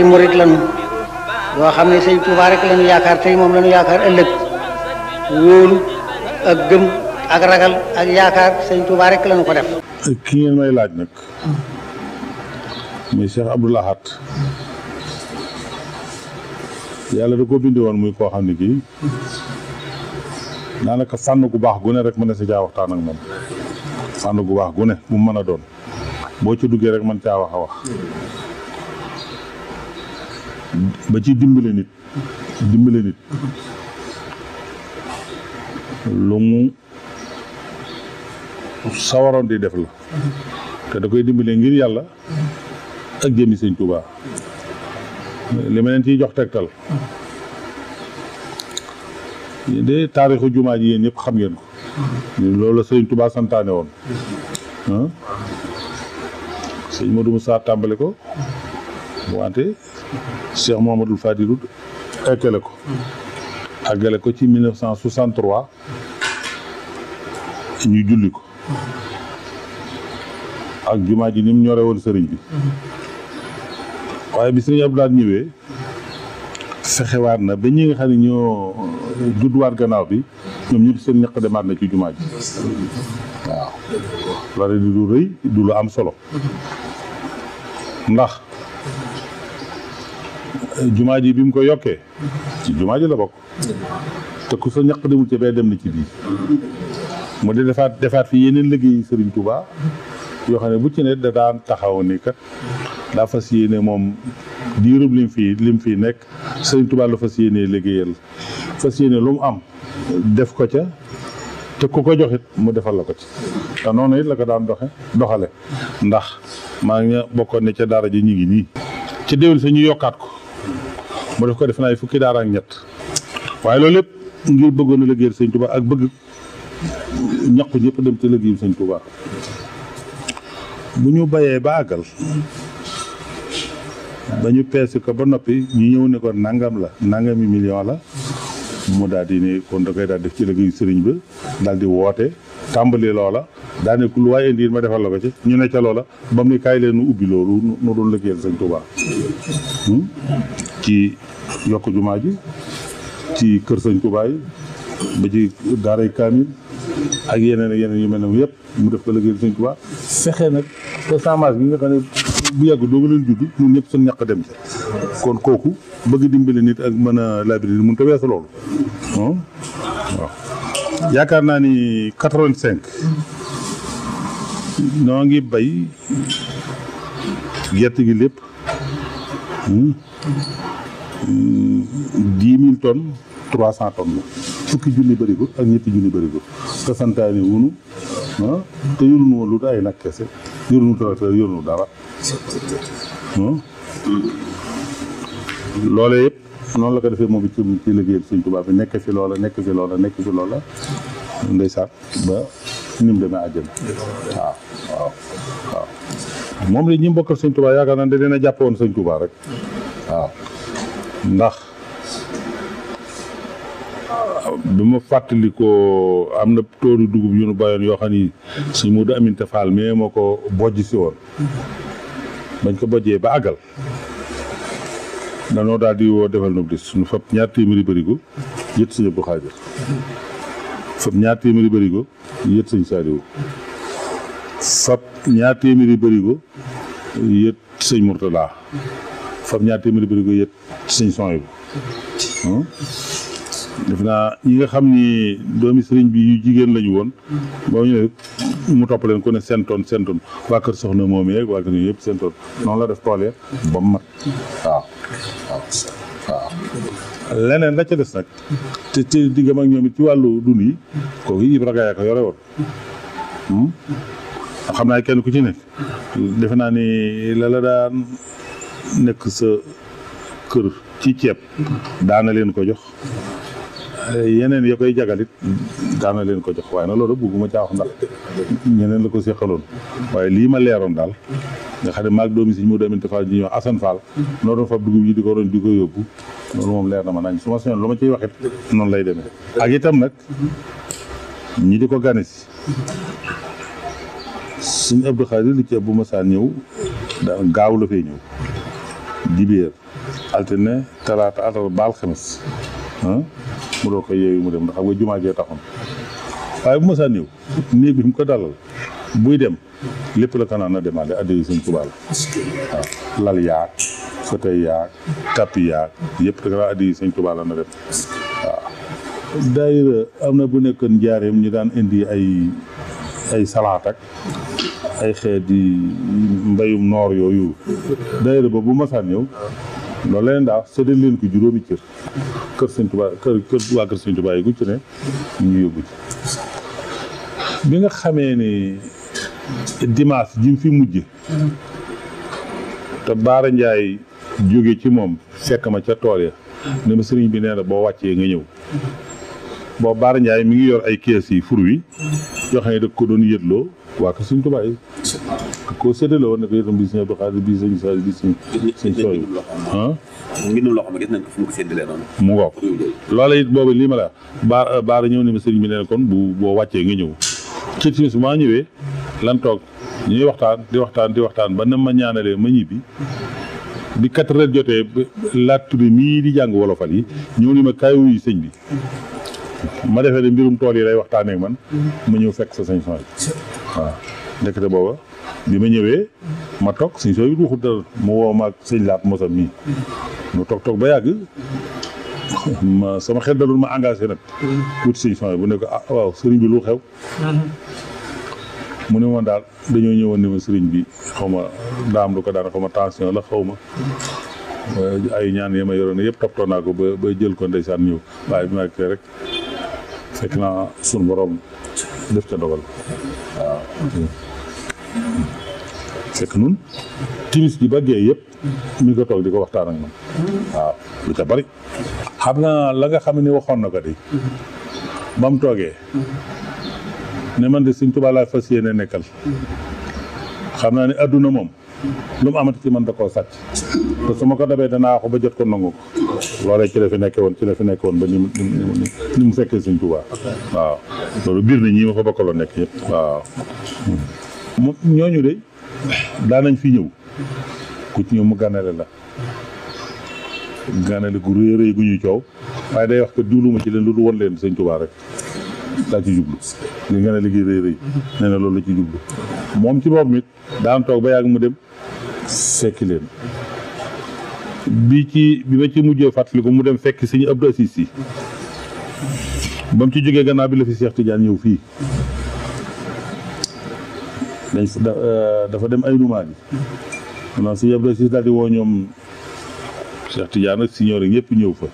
ay murit lañu yoo xam ne sëñ Tuubaa rek lañu yaakaar tey moom lañu yaakaar ëllëg wóolu ak gëm ak ragal ak yaakaar sëñ Tuubaa rek lañu ko def. ki ngeen may laaj nag. muy Cheikh Abdoul yàlla da ko bindi woon muy koo xam ne kii daanaka fànn gu baax gu ne rek mën na si jaa waxtaan ak moom fànn gu baax gu ne mu mën a doon boo ci duggee rek mën caa wax wax. ba ci dimbale nit dimbale nit lu mu sawaroon di def la te da koy dimbale ngir yàlla ak jëmi sëñ Tuubaa li ma leen ciy jox tegtal de taarixu jumaa ji yéen ñëpp xam ngeen ko loolu la sëñ Tuubaa santaane woon sëñ Modou Moussa tàmbali ko wante Cheikh Mouhamadul Fadilu eggale ko àggale ko ci 1963 ñu julli ko ak jumaa ji ni mu ñore woon sëriñ bi waaye bi sëriñ Abdou Lahad ñëwee fexewaat na ba ñi nga xam ne ñoo judduwaat gannaaw bi ñoom ñëpp seen ñaq demaat na ci jumaa waaw loolu di du rëy du am solo ndax jumaa ji bi mu ko yokkee ci jumaa ji la bokk te ku sa ñaq demul ci bee dem na ci bii mu di defaat defaat fi yeneen liggéey sëriñ tubaa yoo xam ne bu ci ne da daan taxaw ni kat daa fas yéene moom diirub lim fii lim fii nekk Serigne Touba la fas yéene liggéeyal fas yéene lu mu am def ko ca te ku ko joxit mu defal la ko ci te noonu it la ko daan doxe doxale ndax maa ngi bokkoon ne ca daara ji ñu ngi nii ci déwén sa ñu yokkaat ko mu def ko def naa fukki daara ak ñett waaye loolu lépp ngir bëggoon a liggéeyal sëñ Touba ak bëgg ñaqu ñëpp dem ci liggéeyal sëñ Touba bu ñu bayee ba àggal ba ñu peese ko ba noppi ñu ñëw ne ko nangam la nangami million la mu daal di ne kon da koy daal def ci liggéeyu sëriñ bi daal di woote tàmbali loola daane ku lu waaye indi ma defal la ko ci ñu ne ca loola ba mu ne kaay leen nu ubbi loolu nu doon liggéeyal sëñ Touba hmm? ci yokk jumaa ji ci kër sëñ Tuubaa ba ci daaray kaamil ak yeneen ak yeneen yu mel ne yëpp mu def ko liggéey sëñ Tuubaa fexe nag te semence bi nga bu yàgg doo nga leen judd ñun ñëpp suñ ñàkk dem ci kon kooku bëgg dimbali nit ak mën a labiri mun te weesu loolu yaakaar naa ni quatre-vingt-cinq noo ngi bay gerte gi lépp dix mille tonnes trois cent tonnes la fukki junni bërigo ak ñetti junni bërigo te santaane ah, wunu woon lu daay nag kese yorunu tracteur yorunu dara ah. loolee yëpp noonu la ko defee moom ci ci liggéeyam Sëñ Tuubaa bi nekk fi loola nekk fi loola nekk fi loola ndeysaan ba ni mu demee àjjana waaw waaw waaw moom la ñi mu bokkal Sëñ Tuubaa yaakaar naa ne dina jàpp woon Sëñ Tuubaa rek waaw ndax bi ma fàttalikoo am na tóoru dugub yu nu yoo xam ni suñ Moodu Aminta Fall mais moo ko bojj si woon bañ ko bojjee ba àggal danoo daal di woo defal nu bis nu fab ñaar téeméeri bërigo yët sëñ Abdou Xaadir ñaar téeméeri bërigo yët sëñ Saaliwu fab ñaar téeméeri fab ñaar téeméeri bërigo yëpp ci sëñ son yi def naa ñi nga xam ni doomi sëriñ bi yu jigéen lañu woon boo ñëwee mu topp leen ku ne seen toon seen toon waa kër soxna moom yeeg waa kër yooyu yëpp seen toon noonu la def tool ba mu mat leneen la ca des nag te te diggam ak ñoom it ci wàllu dund yi kooku Ibra Gaye ko yore woon xam naa kenn ku ci nekk defe naa ni la daan nekk sa kër ci ceeb daana leen ko jox yeneen ya koy jagalit daana leen ko jox waaye na loolu bugguma caa wax ndax ñeneen la ko seqaloon waaye lii ma leeroon daal nga xam ne maag doomi siñ mu demin Fall ñi ñuy wax Assane Fall noo doon fab di ko doon di ko yóbbu loolu moom leer na ma nañ su ma soñoon lu ma ciy waxit noonu lay deme ak itam nag ñu di ko gane si suñ Abdou Khadir li ceeb bu ma saan ñëw da gaaw la fay ñëw dibéer altine talaata atal ba alxames ah, mu doo ko yeewu mu dem ndax xam nga jumaa jee taxoon waaye bu ma saa néew bi mu ko dalal buy dem lépp la ko naan na demaale addi sëñ Tuubaa lal yaag fauteuil yaag tapis yaag yëpp da ko naan addi sëñ Tuubaa na dem waaw daayira am na bu nekkoon njaareem ñu daan indi ay ay salaat ay xeet yi mbayum noor yooyu daayira ba bu masaan ñëw loolu leen daal séddal leen ko juróomi cër kër sëñ Tuubaa kër kër waa kër sëñ Tuubaa yi gu ci ne yóbbu ci bi nga xamee ni dimaas ji fi mujj te Baara Njaay jóge ci moom sekk ma ca tool ya ne ma sëriñ bi nee na boo wàccee nga ñëw boo Baara Njaay mi ngi yor ay kees yi fur wi yoo xam ne da ko doon yëtloo waa kër sëñ Tuubaa koo séddale woon na ko yëpp bii sëñ Abdou Khadre bii sëñ Sall bii sëñ sëñ Sooy ah mu ko séddalee loola it boobu lii ma la baar baar ñëw ne ma sëriñ bi nee kon bu boo wàccee nga ñëw ci timis maa ñëwee lan toog ñuy waxtaan di waxtaan di waxtaan ba na ma ñaanalee ma ñibbi bi quatre heures jotee laajtu bi mii di jàng wolofal yi ñëw ni ma kaayu yi sëñ bi ma defee ne mbirum tool yi lay waxtaan ak man ma ñëw fekk sa sëñ Sooy ndekete booba bi ma ñëwee ma toog suñ sooy waxul dara mu woo ma ak sëñ laat mosam mii mu toog toog ba yàgg ma sama xel dalul ma engage nag tuuti sëñ sooy bu nekk ko ah waaw sëriñ bi lu xew mu ne ma daal dañoo ñëwoon ne ma sëriñ bi xaw ma daam lu ko daan xaw ma tension la xaw ma ay ñaan ya ma yoroon yëpp toppatoo naa ko ba ba jël ko ndeysaan ñëw waaye bi ma ak rek fekk naa sunu borom def ca dogal waaw fekk nun timis ji ba gee yëpp mi ko toog di ko waxtaan ak man waaw lu ca bari xam naa la nga xam ne ni waxoon na ko de ba mu toogee ne man de Sëñ Tuubaa laa fas yéene nekkal xam naa ni adduna moom lu mu amati ci man da koo sàcc te su ma ko dabee danaa ko ba jot ko nangu ci la fi woon ci la fi nekke ba ni mu mu fekkee Sëñ Tuubaa waaw loolu biir na ñii ma ko bokkaloon nekk yépp waaw hmm. ñooñu de daanañ fi ñëw ku ci ñëw mu ganale la ganale gu rëy rëy gu ñuy coow waaye day wax ko diwluma ci leen lu du won leen sëñ Tuubaa rek laa ci jublu nga ne liggéey rëy rëy nee loolu la ci jublu moom ci boppam it daan toog ba yàgg mu dem fekki leen bi ci bi ma ci mujjee fàttali mu dem fekk sëñ Abdou Assis yi ba mu ci jógee gannaaw bi la fi Seex Tijaan ñëw fii dañ euh, dafa dem ay numaa bi maanaam si yëpp rek si daal di woo ñoom Cheikh Tidiane ak signor yi ñëpp ñëw fa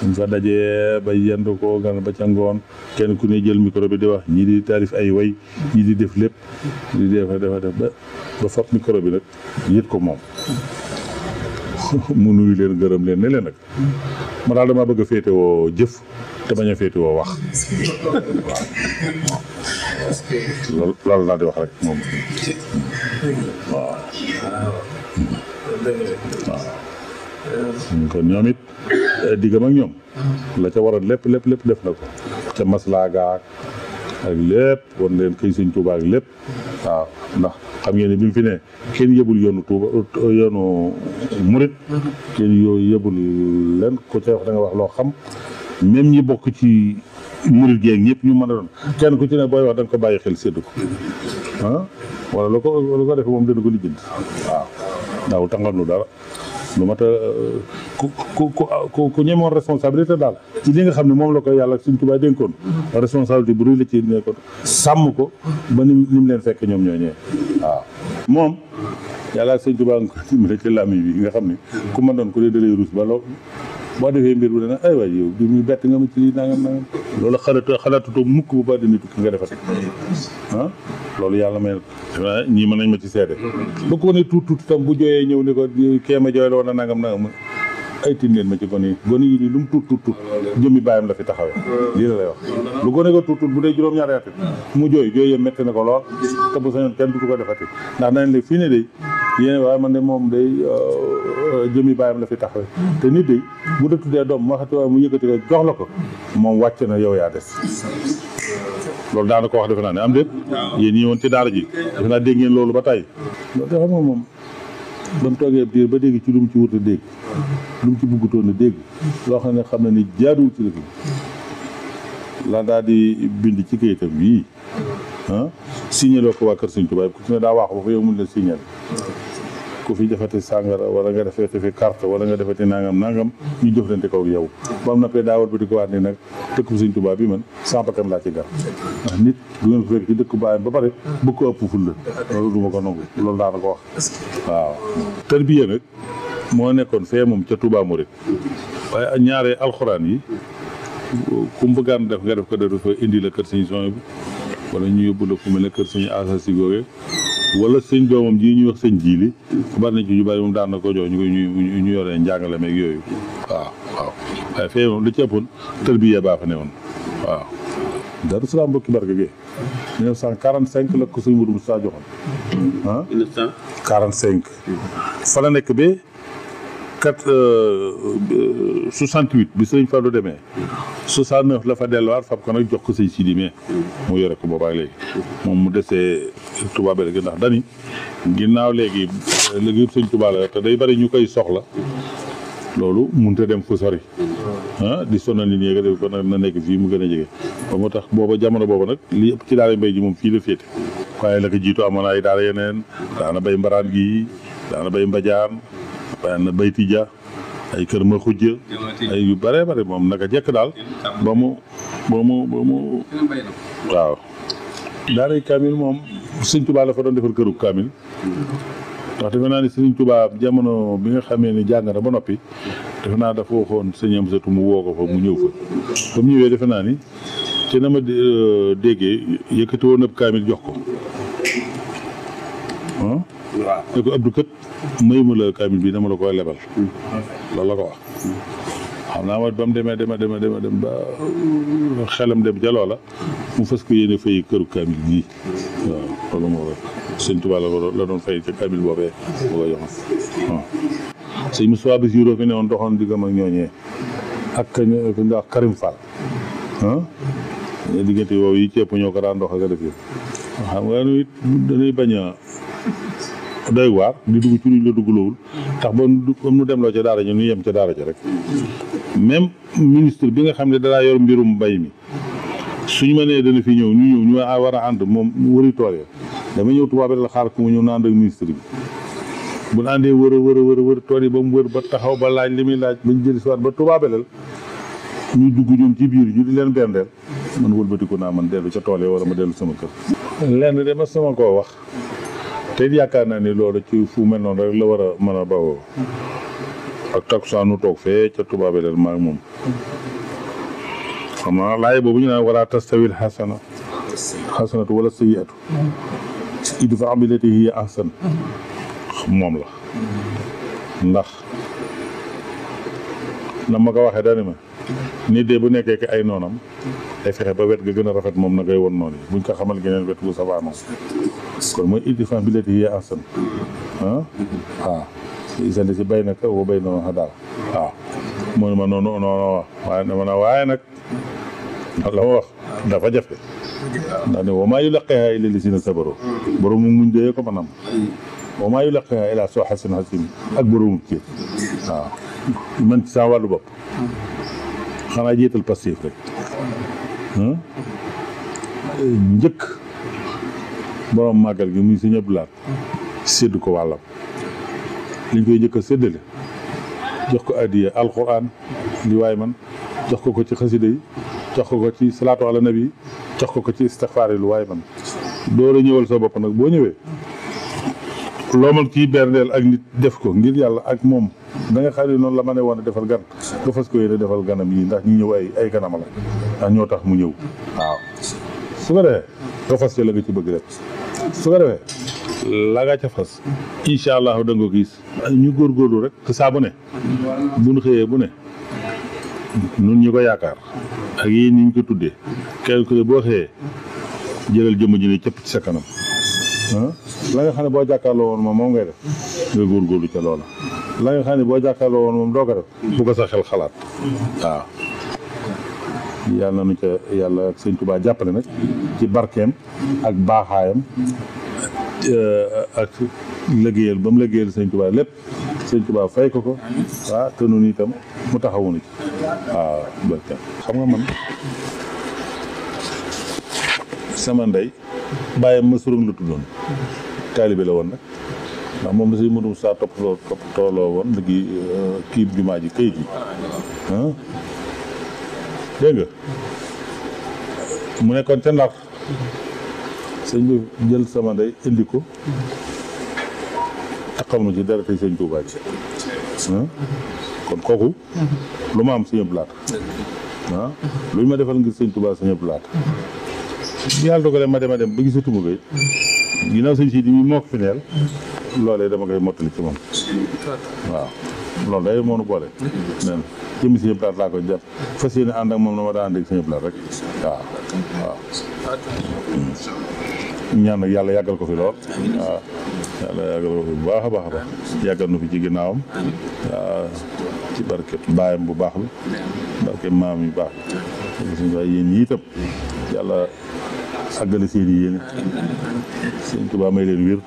suñ fa dajee ba yend ko gan ba ca ngoon kenn ku ne jël micro bi di wax ñii di taarif ay way ñii di def lépp di def dafa def ba ba fab bi nag yët ko moom mu nuyu leen gërëm leen ne leen nag ma daal dama bëgg a féetewoo jëf te bañ a féetewoo wax loolu loolu laa di wax rek moom waaw. waaw. kon ñoom it eh, diggam ak ñoom. la ca waroon lépp lépp lépp def na ko. ca maslaaga gaak ak lépp wan leen këy sëñ Tuuba ak lépp. waaw ndax xam ngeen ne bi fi ne kenn yebul yoonu Tuuba yoonu murit. kenn yoo yëbul leen ku ca wax nga wax loo xam. même ñi bokk ci murit gi ñu mën a doon kenn ku ci ne booy wax da ko bàyyi xel séddu ko ah wala lu ko lu ko defee moom dana ko lijjanti waaw daawul tàngal nu dara lu mat a ku ku ku ku ñemoon responsabilité daal ci li nga xam ne moom la ko yàlla suñ tubaay dénkoon bu rëy la ci ne ko sàmm ko ba ni ni leen fekk ñoom ñoo ñëwee moom yàlla suñ tubaay nga ko dimbale ci làmmiñ nga xam ne ku ma doon ku dee dalay ruus ba boo defee mbir bu dana ay waay yow bi muy bett nga ma ci lii nangam nangam loolu xalaatu xalaatutoo mukk bu ba dina tukki nga defati ah, loolu yàlla may ñii mën nañ ma ci seede ba ko ne tuut tuut tam bu jooyee ñëw ne ko kéema jooy la woon a nangam nangam ay tin leen ma ci gone yi gone yi lu mu tuut tuut tuut jëmmi bàyyam la fi taxawee lu gone ko tuut bu dee juróom-ñaari at mu jooy jooyee métti na ko lool te bu sañoon kenn du ko defati ndax nañ la fii ne day yéen waaye man ne moom day euh, jëmi bàyyam la fi taxawee te nit de bu da tuddee doom waxati waaye mu yëkkati ko jox la ko moom wàcc na yow yaa des loolu daana ko wax defe naa ne am déet yéen ñi woon ci daara ji defe naa dégg ngeen loolu ba tey loolu de xam nga moom ba mu toogee biir ba dégg ci lu mu ci wut a dégg lu mu ci buggutoon a dégg loo xam ne xam ne ni jaaduwul ci lëkk la daa di bind ci kayitam yii ah signaloo ko waa Kër Sëñ Tuubaa ku ci daa waaxu ba fa yow mun la signal ku fi defate sàngara wala nga defati fi carte wala nga defati nangam nangam ñu jëflante ko ak yow ba na pee di ko nag dëkk bu Sëñ bi man sama laa ci gar ndax ko fekk ba pare bëgg ko ko nangu loolu daana ko wax waaw tarbiya nag moo nekkoon fee moom ca mu Mouride waaye ñaare alxuraan yi ku mu bëggaan def nga def ko da dafa indi la kër Sëñ Soñ wala ñu yóbbu la fu mel suñu kër sëñ Asa si googe wala sëñ doomam ji ñuy wax sëñ jiili xibaar nañ ñu bari moom daan na ko jox ñu ñu ñu yoree njàngale meeg yooyu waaw waaw waaye fee moom lu ci ëppoon tërbiya baa fa ne woon waaw Darou Salaam barke gi 1945 la ko sëñ Mourou Moussa joxoon ah nekk be quatre euh, euh, soixante huit bi sëriñ Fallou demee soixante neuf la fa delluwaat fab ko nag jox ko sëñ Sidi mais mu yore ko boobaak léegi moom mu desee Touba bi rek ndax dani ginnaaw léegi euh, léegi sëñ Touba la te day bari ñu koy soxla loolu mun a dem fu sori ah di sonal nit ñi nga def na nekk fii mu gën a jege ba moo tax booba jamono booba nag li ëpp ci daara mbay ji moom fii la féete waaye la ko jiitu amoon ay daara yeneen daana bay mbaraan gi daana bay waaye na bayti ja ay kër ma xujja ay yu bare bare moom nag a jekk daal ba mu ba mu ba mu waaw daaray kaamil moom sëñ Tuubaa la fa doon defar këru kaamil ndax defe naa ni sëñ Tuubaa jamono bi nga xamee ni jàng na ba noppi defe naa dafa waxoon sëñ Amsatu mu woo fa mu ñëw fa ba mu ñëwee defe naa ni te na ma euh, déggee yëkkati woon ab kaamil jox ko waaw ne ko Abdou kët mayuma la kaamil bi dama la koy lebal. loolu la ko wax. xam naa mooy ba mu demee dema dema dem ba xelam dem ca la mu fas ko yéene fay këru kaamil bii waaw loolu moo la doon fay ca kaamil boobee boo ko joxoon waaw sëñ Moustapha bi si fi woon doxoon diggam ak ñooñee ak kañ kañ wax Karim Fall ah diggante woowu yi ceeb ñoo ko daan dox ak a def yi xam nga it dañuy a doy waar di dugg ci luñ la duggalowul tax ba nu dem loo ca daara ñu ñu yem ca daara ja rek même ministre bi nga xam ne dalaa yor mbirum mbay mi suñu ma nee dana fi ñëw ñu ñëw ñu war a ànd moom wëri tool ya dama ñëw tubaab bi la xaar ku mu ñëw na ànd ak ministre bi bu ñu àndee wër a wër a wër a wër tool yi ba mu wër ba taxaw ba laaj li muy laaj ba ñu jël si waat ba tubaabeleel ñu dugg ñoom ci biir ñu di leen berndeel man wëlbatiku naa man dellu ca tool yi wala ma dellu sama kër lenn de ma sama koo wax te yaakaar naa ni loolu ci fu mel noonu rek la war a mën a bawoo ak takkusaan nu toog fee ca tubaabe leen maag moom xam naa boobu ñu naan wala tastawil xasana xasanatu wala sayyiatu idfa' la ndax na ma ko waxee daani ma nit de bu nekkee ki ay noonam ay fexe ba wet ga gën a rafet moom na koy won noonu buñ ko xamal geneen wet gu safaanoom kon mooy idfaa billatii hiya ahsan ah waaw ah. isante si bay na ka wo bay na wax daal waaw ah. mu ma noonu noonu wax waaye dama na waaye nag la ma wax dafa jafe ndax ne wa maa yulaqqaahaa illaa llaziina sabaroo borom mu muñ dee ko manam wa maa yulaqqaahaa illaa zuu hazzin aziim ak borom kii waaw ah. man ci saa wàllu bopp xanaa jiital passif rek hmm? njëkk borom màggal gi mu sëñ Abdou Lahad sédd ko wàllam liñ koy njëkk a séddale jox ko addiya alquran li waay man jox ko ko ci xasida yi jox ko ko ci salaatu ala nabi jox ko ko ci istixfaar yi lu waay man door a ñëwal sa bopp nag boo ñëwee loo mën kii berndeel ak nit def ko ngir yàlla ak moom da nga noonu la ma ne woon a defal gan nga fas ko yéene defal ganam yi ndax ñu ñëw ay ay ganam la ndax ñoo tax mu ñëw waaw su ko defee nga fas ci la nga ci bëgg rek su ko defee la nga ca fas incha allahu da ko gis ñu góor góorgóorlu rek te saa bu ne bu nu xëyee bu ne nun ñu ko yaakaar ak yéen ñi ñu ko tuddee kenn ku ne boo xëyee jëlal jëmm ji ne cëpp ci sa kanam ah, la nga xam ne boo jàkkaarloo woon moom moom ngay def nga góorgóorlu ca loola la nga xam ne boo jàkkaarloo woon moom doo ko def bu sa xel xalaat waaw yàlla ñu ca yàlla ak sëñ jàppale nag ci barkeem ak baaxaayam eh, ak liggéeyal ba mu liggéeyal sëñ Tuubaa lépp sëñ Tuubaa fay ko ko waaw te nun itam mu taxawuñu ci waaw barkeem xam nga man sama ndey bàyyam ma surum la tuddoon taalibe la woon nag ndax moom la sëñ Modou Moussa toppatoo toppatoo loo woon léegi eh, kii jumaa ji këyit yi dégg nga mu nekkoon ca Ndar sëñ bi jël sama ndey indi ko taxal ma ci dara tey sëñ Touba ji kon kooku lu ma am sëñ Abdu Lahat ah lu ñu ma defal ngir sëñ Touba sëñ Abdu Lahat yàlla dogale ma dem a dem ba gisatuma ko it ginnaaw sëñ si di moo ko fi loolee dama koy mottali ci moom waaw loolu day moonu boole. neen jëmi Sëñ Abdou Lahad laa ko jàpp fas yéene ànd ak moom la ma daan dégg Sëñ Abdou Lahad rek waaw ñaan yàlla yàggal ko fi lool waaw yàlla yàggal ko fi bu baax a baax a baax yàggal nu fi ci ginnaawam waaw ci barke baayam bu baax bi barke maam yu baax bi suñu waay yéen ñi yàlla àggale seen i yéene sëñ Tuubaa may leen wér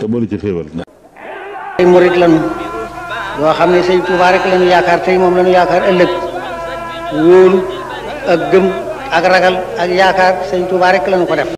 te boole ci xéewal yoo xam ne sëñ Tuubaa rek la ñu yaakaar tey moom la ñu yaakaar ëllëg wóolu ak gëm ak ragal ak yaakaar sëñ Tuubaa rek la ko dem